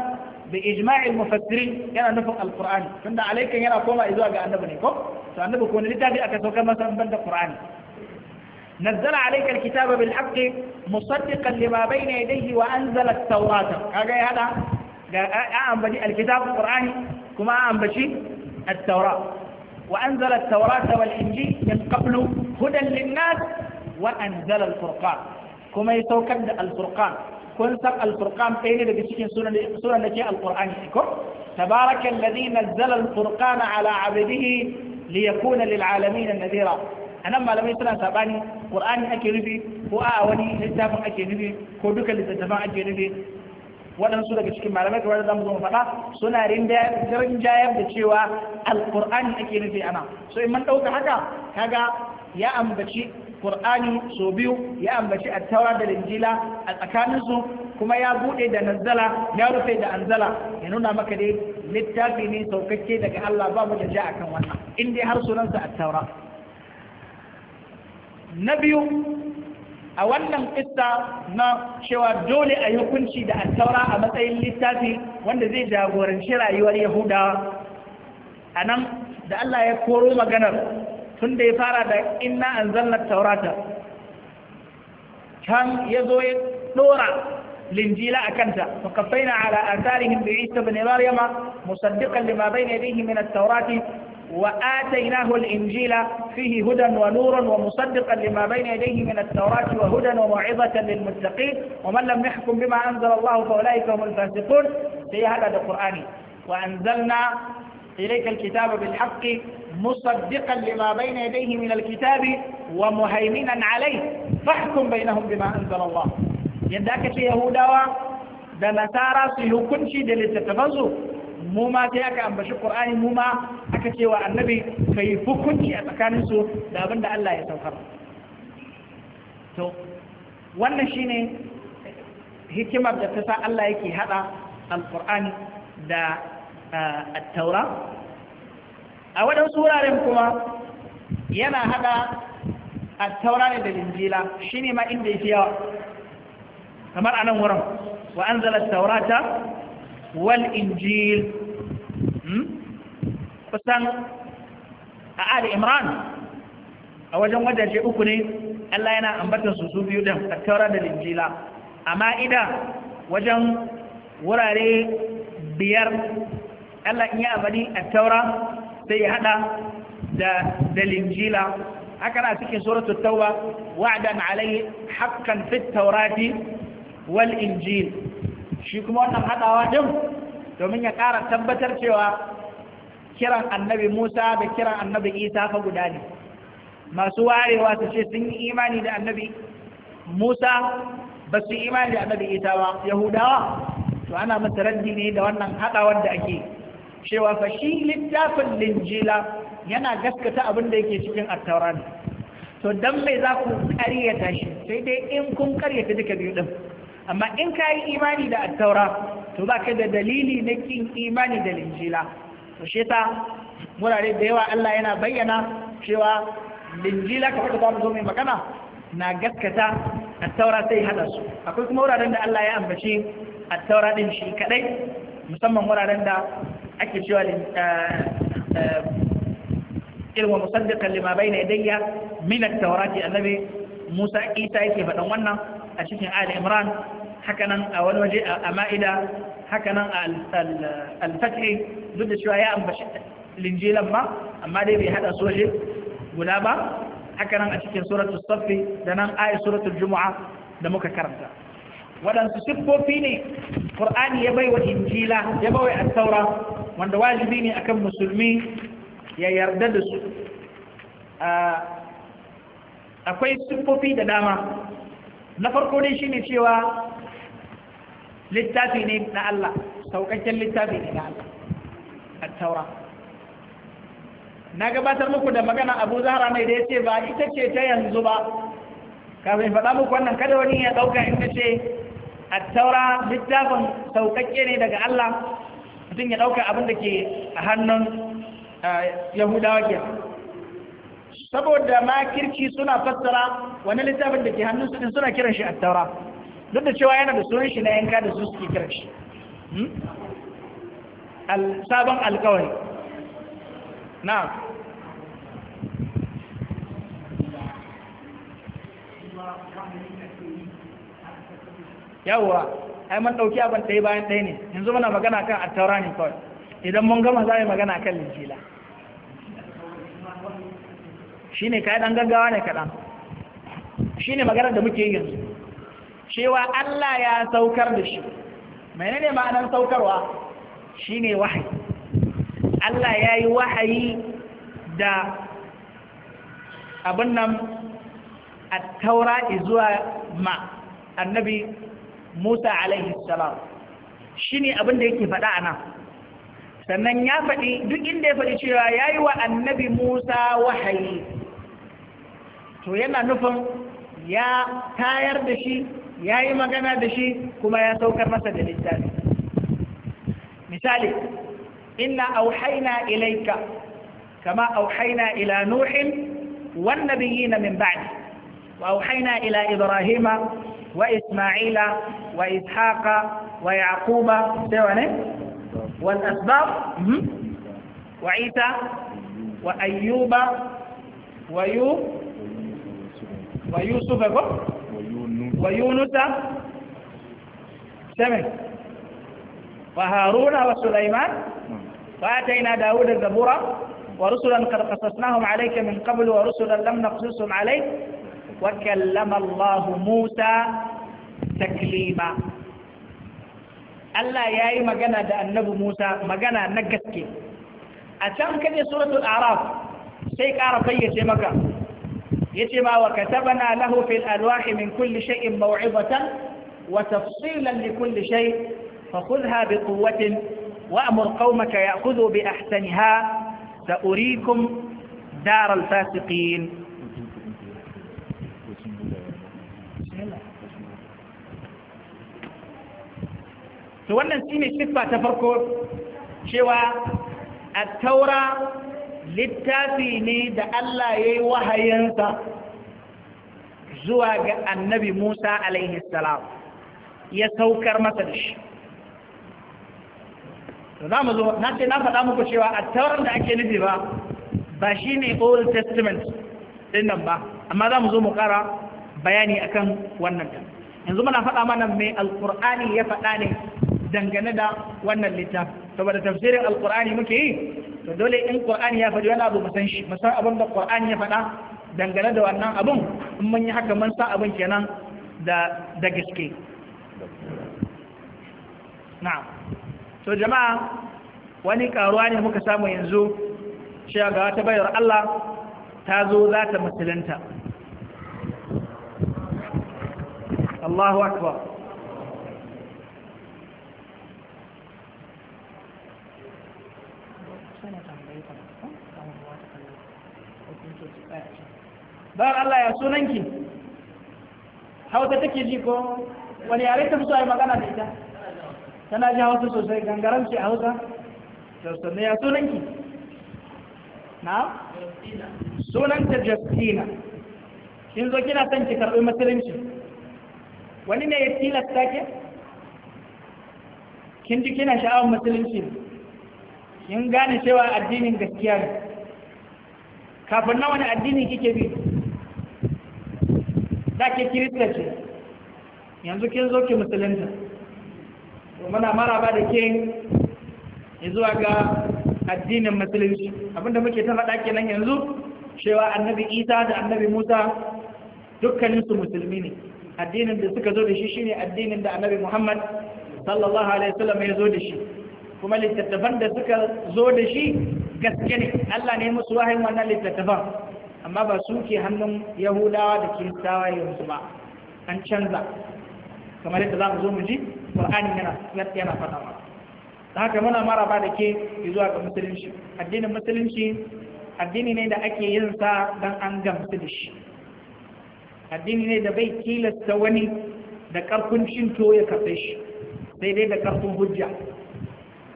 bi ijma'il mufassirin yana nufin alkur'ani tunda alaykan yana koma zuwa ga annabi ne ko to annabi ko ne littafi aka saukar masa ban da qur'ani نزل عليك الكتاب بالحق مصدقا لما بين يديه وأنزل التوراة كاجا هذا أعنبتي آه، آه، آه، الكتاب القرآن كما أعنبتي التوراة وأنزل التوراة والإنجيل من قبل هدى للناس وأنزل الفرقان كما يتوكد الفرقان كن سب الفرقان بين لبسيكين سورة نتي القرآن يكون تبارك الذي نزل الفرقان على عبده ليكون للعالمين النذيرا أنا ما لم يسنى سباني قرآن أكي ربي هو آواني لتفاق أكي ربي كودوك لتفاق أكي waɗansu daga cikin malamai kamar da zamu zo mu faɗa suna rinjayar da cewa Alƙur'ani ake nufi ana so in man ɗauka haka kaga ya ambaci ƙur'ani so biyu ya ambaci Attaura da injila a tsakaninsu. kuma ya buɗe da nazala ya rufe da anzala ya nuna maka dai littafi ne saukakke daga Allah ba mu da ja akan wannan in dai har sunansa Attaura na biyu a wannan kissa na cewa dole a yi hukunci da attaura a matsayin littafi wanda zai jagoranci rayuwar yahudawa a nan da Allah ya koro maganar tun da ya fara da inna an zannar taurata can ya zo ya ɗora linjila a kanta makafai na ala asarihin da isa bin maryama musaddiƙan lima bai ne rihi min taurati وآتيناه الإنجيل فيه هدى ونور ومصدقا لما بين يديه من التوراة وهدى وموعظة للمتقين ومن لم يحكم بما أنزل الله فأولئك هم الفاسقون في هذا القرآن وأنزلنا إليك الكتاب بالحق مصدقا لما بين يديه من الكتاب ومهيمنا عليه فاحكم بينهم بما أنزل الله يداك يهودا da nasara su mu ma sai aka ambaci qur'ani mu ma aka cewa annabi kai hukunci a tsakanin su da abin da Allah ya saukar to wannan shine hikimar da ta sa Allah yake hada alqur'ani da at-taura a wadansu wuraren kuma yana hada at-taura ne da injila shine ma inda yake yawa kamar anan wurin wa anzala at-taurata wal injil hmm? kusan a ali imran a wajen wajaje uku ne Allah yana ambatar su su biyu din tattaura da linjila amma ida wajen wurare biyar Allah in ya bani a taura sai ya hada da linjila haka na cikin suratu tauba wa'dan alai haqqan fit tawrati wal injil shi kuma wannan haɗawa ɗin domin ya ƙara tabbatar cewa kiran annabi Musa da kiran annabi Isa fa guda ne masu warewa su ce sun yi imani da annabi Musa ba su imani da annabi Isa ba Yahudawa to ana masa raddi ne da wannan haɗawar da ake cewa fa shi littafin linjila yana gaskata abin da yake cikin attaura to dan me za ku ƙaryata shi sai dai in kun ƙaryata duka biyu din amma in ka yi imani da attaura to ba ka da dalili na kin imani da linjila to shi ta murare da yawa Allah yana bayyana cewa linjila ka fata mu zo mai magana na gaskata attaura sai hada su akwai kuma wuraren da Allah ya ambaci attaura din shi kadai musamman wuraren da ake cewa irin wa eh, eh, musaddiqan lima bayna yadayya min at-taurati annabi Musa Isa yake faɗan wannan a cikin Ali Imran hakanan a wani waje a ma'ida hakanan a alfat'i duk da cewa ya ambaci linjilan ba amma dai bai hada soje guda ba hakanan a cikin suratul saffi da nan ayi suratul juma'a da muka karanta waɗansu siffofi ne ƙur'ani ya bai wa injila ya bai wa attaura wanda wajibi ne akan musulmi ya yarda da su akwai siffofi da dama na farko dai shine cewa littafi ne na Allah saukakken littafi ne na Allah a taura na gabatar muku da magana abu zahara mai da ya ce ba ita ce ta yanzu ba kafin faɗa muku wannan kada wani ya ɗauka in ce a taura littafin saukakke ne daga Allah mutum ya ɗauka abin da ke a hannun yahudawa ke saboda ma kirki suna fassara wani littafin da ke hannun su suna kiran shi a taura duk da cewa yana da sunan shi na yanka da su suke kira shi hmm? sabon alkawari na yawwa ai man ɗauki abin ɗaya bayan ɗaya ne yanzu muna magana kan attaura ne kawai idan mun gama za mu magana kan linjila shi ne kayan ɗan gaggawa ne kaɗan shi ne magana da muke yanzu cewa Allah ya saukar da shi ne ma'anar saukarwa Shi ne wahayi Allah ya yi wahayi da abin nan a taura zuwa ma annabi Musa alaihi salam shi ne abin da yake faɗa a nan sannan ya faɗi duk inda ya faɗi cewa ya yi wa annabi Musa wahayi to yana nufin ya tayar da shi ya yi magana da shi kuma ya saukar masa da littafi misali inna auhaina ilaika kama auhaina ila nuhin wan nabiyina min ba'di wa auhaina ila ibrahima wa isma'ila wa ishaqa wa yaquba sai wane wal asbab wa isa wa ayyuba wa yu wa yusuf ko ويونس سمع وهارون وسليمان وآتينا داود الزبورة ورسلا قد قصصناهم عليك من قبل ورسلا لم نقصصهم عليك وكلم الله موسى تكليما الله يا إما magana da موسى ما magana na gaske a can kaje suratul araf sai ƙara fayyace يتما وكتبنا له في الألواح من كل شيء موعظة وتفصيلا لكل شيء فخذها بقوة وأمر قومك يأخذوا بأحسنها سأريكم دار الفاسقين سوى أن نسيني سفة تفركو شوى التوراة littafi ne da Allah ya yi wahayinsa zuwa ga annabi Musa alaihi salam ya saukar masa da shi. na ce na faɗa muku cewa a tauran da ake nufi ba, ba shi ne Old Testament ɗin nan ba, amma za mu zo mu ƙara bayani akan wannan Yanzu muna faɗa mana mai Alƙur'ani ya faɗa ne dangane da wannan littafi saboda tafsirin alkur'ani muke yi to dole in qur'ani ya faɗi wani abu mu san shi mu abin da qur'ani ya faɗa dangane da wannan abun in mun yi haka mun san abin kenan da da gaske na'am to jama'a wani karuwa ne muka samu yanzu cewa ga wata bayar Allah ta zo za ta musulunta Allahu akbar bayan Allah ya sunanki hauta take ji ko wani yare ta fito a yi magana da ita tana ji hausa sosai gangaren ce hausa sunan ya sunanki na? sunanta justina kin zo kina son ki karɓi musulunci wani ne ya tilasta ke? kin ji kina sha'awar musulunci kin gane cewa addinin gaskiya ne kafin na wani addini kike bi da ke kirista ce yanzu kin zo ki musulunta muna maraba da ke zuwa ga addinin musulunci abinda muke ta faɗa kenan yanzu cewa annabi isa da annabi musa dukkaninsu musulmi ne addinin da suka zo da shi shine addinin da annabi muhammad sallallahu alaihi wasallam ya zo da shi kuma littattafan da suka zo da shi gaske ne allah ne musu wahayin wannan littattafan amma ba su ke hannun yahudawa da kiristawa yanzu ba an canza kamar yadda za mu zo mu ji ƙur'ani yana faɗa ba da haka muna maraba da ke zuwa ga musulunci addinin musulunci addini ne da ake yin sa don an gamsu da shi addini ne da bai tilasta wani da ƙarfin shinto ya kafe shi sai dai da ƙarfin hujja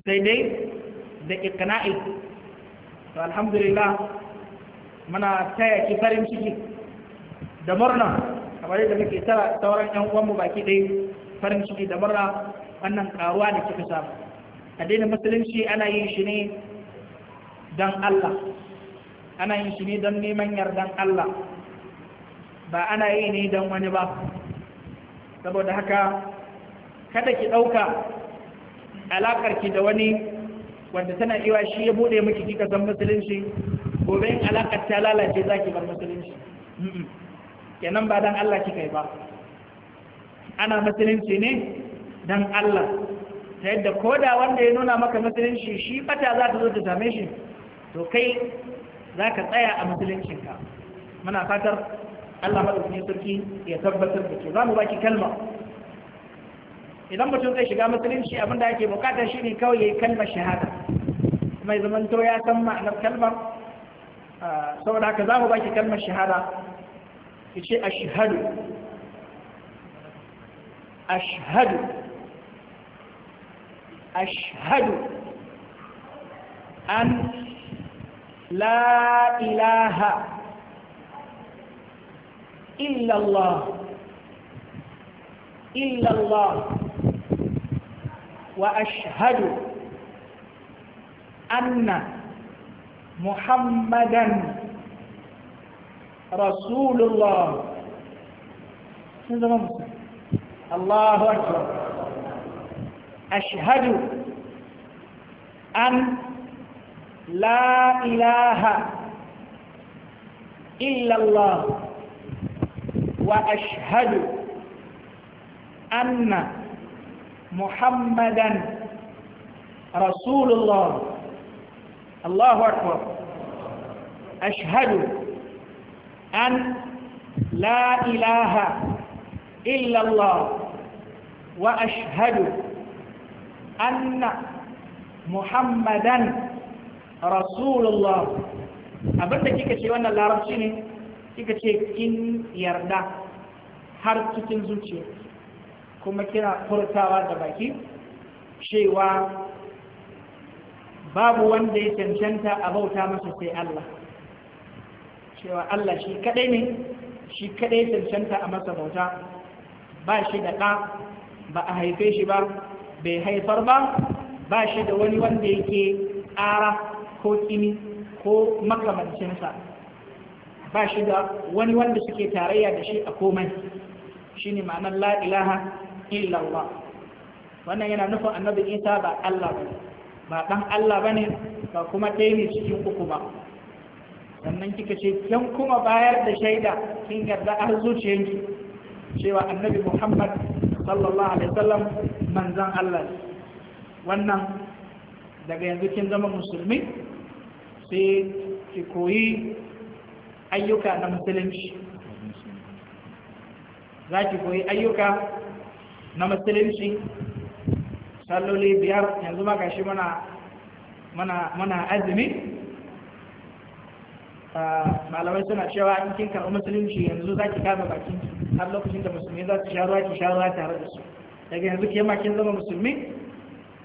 sai dai da ikna'i to alhamdulillah muna taya ki farin ciki da murna kamar yadda muke tara sauran yan uwanmu baki ɗaya farin ciki da murna wannan karuwa da kika A addinin musulunci ana yin shi ne don Allah ana yin shi ne don neman yardan Allah ba ana yi ne don wani ba saboda haka kada ki ɗauka alaƙarki da wani wanda tana iya shi ya buɗe miki kika san musulunci gobe in alaƙar ta lalace za ki bar musulunci kenan ba don Allah kika yi ba ana musulunci ne don Allah ta yadda ko da wanda ya nuna maka musulunci shi bata za ta zo ta same shi to kai za ka tsaya a musuluncinka muna fatar Allah maɗaukin sarki ya tabbatar da ke za mu baki kalma idan mutum zai shiga musulunci abinda ake bukata shi ne kawai ya yi kalmar shahada mai zamanto ya san ma'anar kalmar saboda haka za mu baki kalmar shahada ki ce ashhadu ashhadu ashhadu an la ilaha إلا الله إلا الله وأشهد أن محمدا رسول الله الله أكبر أشهد أن لا إله إلا الله وأشهد أن محمدا رسول الله الله أكبر أشهد أن لا إله إلا الله وأشهد أن محمدا رسول الله أبدا كيكا شوانا لا رسيني كيكا إن يردا هارت تنزوتي كما كنا قرطاوا دباكي شيوان babu wanda ya cancanta a bauta masa sai Allah cewa Allah shi kadai ne shi kadai cancanta a masa bauta ba shi da ɗa ba a haife shi ba bai haifar ba ba shi da wani wanda yake ƙara ko ƙini ko makamancinsa ba shi da wani wanda suke tarayya da shi a komai shi ne ma'anar la'ilaha illallah wannan yana nufin annabi isa ba Allah ba ba ɗan Allah ba ne ba kuma ɗaya ne cikin uku ba sannan kika ce kyan kuma bayar da shaida kin yarda har zuciyanki cewa annabi muhammad sallallahu alaihi wasallam manzan Allah wannan daga yanzu kin zama musulmi sai ki koyi ayyuka na musulunci za ki koyi ayyuka na musulunci salloli biyar yanzu maka shi mana mana azumi ah, malamai suna cewa in kin karɓi musulunci yanzu za ki kama bakin har lokacin da musulmi za su sha ruwa ki sha ruwa tare da su daga yanzu ke ma zama musulmi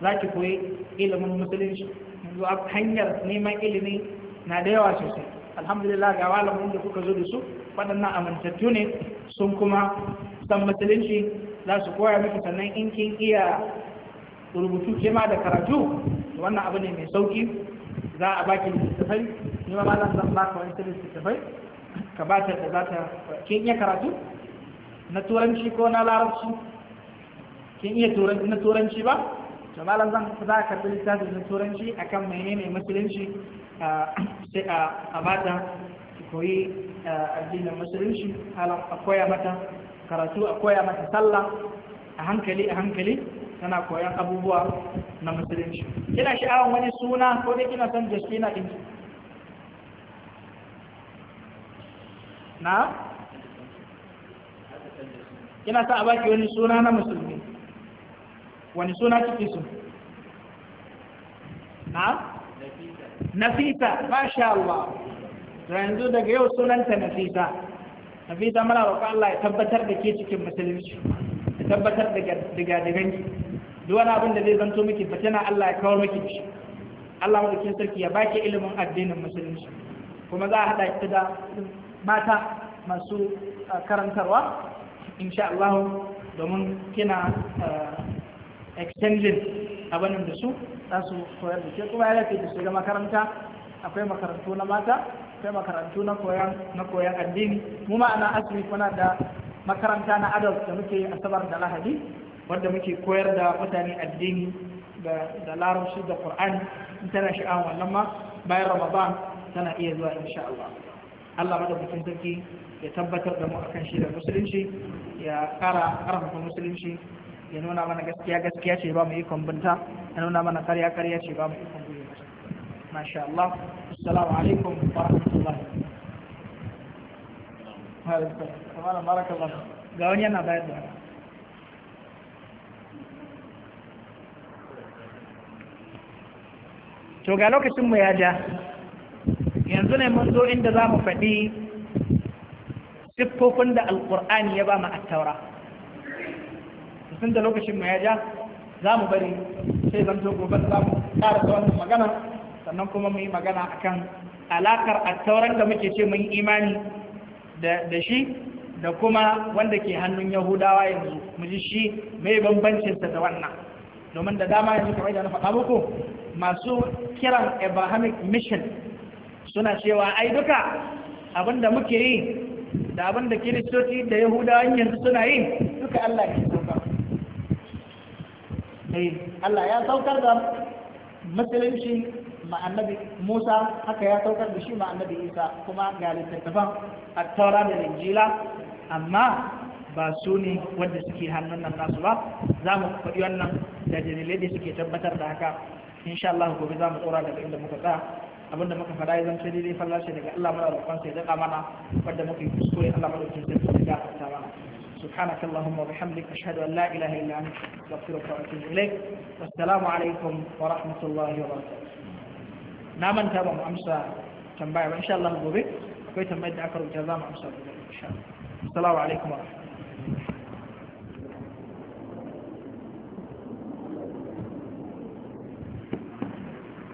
za ki koyi ilimin musulunci yanzu hanyar neman ilimi na da yawa sosai alhamdulillah ga malamin da kuka zo da su waɗannan amintattu ne sun kuma san musulunci za su koya miki sannan in kin iya rubutu ke ma da karatu wannan abu ne mai sauki za a baki littattafai ni ma za su ba ka wani littattafai ka ba ta da za ta kin iya karatu na turanci ko na larabci kin iya turanci na turanci ba to malam zan za ka bi littafin na turanci akan menene musulunci sai a bata ki koyi addinin musulunci halan a koya mata karatu a koya mata sallah a hankali a hankali tana koyon abubuwa na musulunci kina sha'awan wani suna ko dai kina son jasmina din na kina san a baki wani suna na musulmi wani suna kike so na nafisa masha Allah yanzu daga yau sunanta nafisa nafisa mana roƙa Allah ya tabbatar da ke cikin musulunci ya tabbatar da gadiganki duk wani abin da zai zanto miki tana Allah ya kawo miki shi Allah madaukin sarki ya baki ilimin addinin musulunci kuma za a haɗa ki da mata masu karantarwa insha Allah domin kina extending abin da su za su koyar da ke kuma ya lafi da su ga makaranta akwai makarantu na mata akwai makarantu na koyan na koyan addini mu ma'ana ana kuna muna da makaranta na adult da muke asabar da lahadi wanda muke koyar da mutane addini da larabci da qur'ani in tana sha'awar wannan ma bayan ramadan tana iya zuwa insha Allah Allah madaukakin sarki ya tabbatar da mu akan shi da musulunci ya kara karfafa musulunci ya nuna mana gaskiya gaskiya ce ba mu ikon binta ya nuna mana karya karya ce ba mu ikon guje mata masha Allah assalamu alaikum wa rahmatullahi wa barakatuh ga wani yana bayar da to ga lokacinmu ya ja yanzu ne mun zo inda za mu faɗi siffofin da alƙur'ani ya ba mu attaura sun da lokacinmu ya ja za mu bari sai zan zo gobe za mu ƙara da wannan magana sannan kuma mu yi magana a akan alakar attauran da muke ce mun imani da shi da kuma wanda ke hannun yahudawa yanzu mu ji shi mai bambancinsa da wannan domin da dama yanzu kamar da na faɗa muku masu kiran abrahamic mission suna cewa ai duka abinda muke yi da abinda kiristoci da yahudawan yanzu suna yi duka allah ne saukar eh, allah ya saukar da musulunci ma'annabi musa haka ya saukar da shi ma'annabi isa kuma ga littattafan a taura da injila amma ba su ne wanda suke hannun nan nasu ba za mu faɗi wannan da dalilai da suke tabbatar da haka insha Allah gobe za mu tsora daga inda muka tsaya abinda muka faɗa ya zama daidai fallace daga Allah mana roƙon sai daɗa mana wanda muka yi kuskure Allah mana roƙon sai daɗa gafarta mana سبحانك اللهم وبحمدك أشهد أن لا إله إلا أنت أستغفرك وأتوب إليك والسلام عليكم ورحمة الله وبركاته نعم أنت أبو أمسى تنبعي وإن شاء الله gobe akwai tambayar da aka rubuta a mu amsa da insha Allah assalamu